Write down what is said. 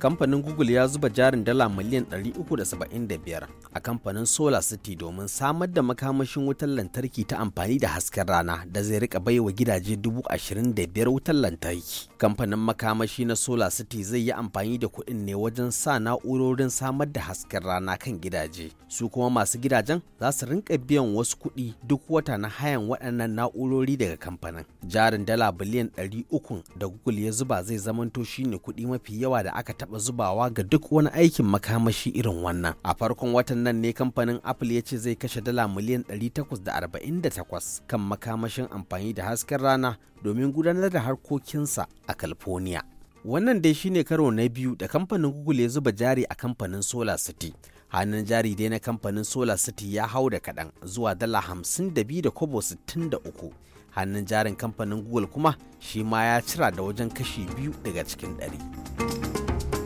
kamfanin google ya zuba jarin dala miliyan 375 a kamfanin solar city domin samar da makamashin wutar lantarki ta amfani da hasken rana da zai rika bai wa gidaje 25,000 wutar lantarki kamfanin makamashi na solar city zai yi amfani da kuɗin ne wajen sa na'urorin samar da hasken rana kan gidaje su kuma masu gidajen za su rinka biyan wasu kuɗi duk wata na hayan waɗannan na'urori daga kamfanin jarin dala biliyan 300 da google ya zuba zai zamanto shine kuɗi mafi yawa da aka taɓa taɓa zubawa ga duk wani aikin makamashi irin wannan. A farkon watan nan ne kamfanin Apple ya ce zai kashe dala miliyan 848 kan makamashin amfani da hasken rana domin gudanar da harkokinsa a California. Wannan dai shine karo na biyu da kamfanin Google ya zuba jari a kamfanin Solar City. hannun jari dai na kamfanin solar city ya hau da kaɗan zuwa dala hamsin kobo sittin uku hannun jarin kamfanin google kuma shi ma ya cira da wajen kashi biyu daga cikin ɗari.